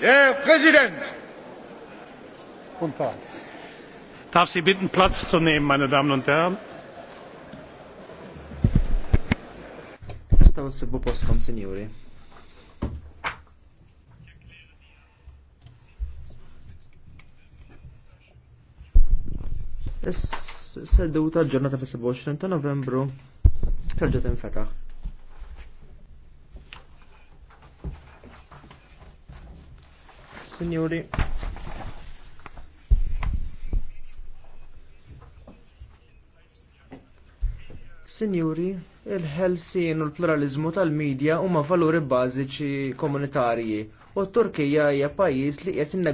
Herr Präsident! Ich darf Sie bitten, Platz zu nehmen, meine Damen und Herren. Staw s-sibu postkom, signori. Is-seduta ġurnata fis-27 ta' Novembru terġa' tinfetaħ. Signori. Signori, il-ħelsin u l-pluralizmu tal-medja huma valuri bażiċi komunitarji u t-Turkija hija pajjiż li qed